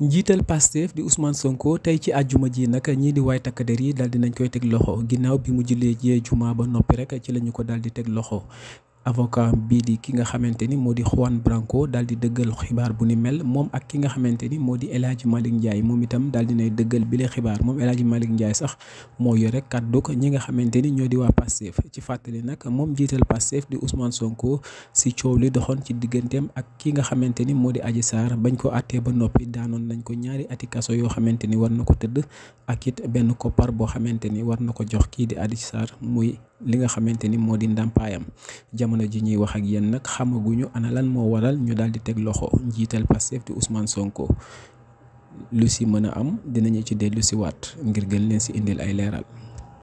njiital Pastef di usmaan Sonko tey ci àjjuma ji nag ñii di waay takk yi daal di nañ koy teg loxo ginnaaw bi mu jullee jee juma ba noppi rek ci la ñu ko daal di teg loxo avocat bi di ki nga xamanteni modi Juan Branco dal di dëggal xibaar bu ni mel mom ak ki nga xamanteni modi moo di El Hadj Ndiaye moom itam daal di deugal bi le xibar mom El malik Ndiaye sax mo yore ko ñi nga xamanteni ñoo di wa Pastef ci fatali nak mom jital di Ousmane Sonko si ciow li doxon ci digeentem ak ki nga xamanteni modi Adji Sarr bañ ko àttee ba nopi daanon nañ ko ñaari ati kaso yo xamanteni war nako teud ak it ben ko bo xamante ni war nako ko jox ki di Adji Sarr muy li nga xamante ni moo di ndàmpaayam jamono ji ñuy wax ak yéen nag xamaguñu ana lan moo waral ñu daal di teg loxo njiital Pastef di Ousmane Sonko lu si mën a am dinañu ci dellu si waat ngir gën leen si indil ay leeral.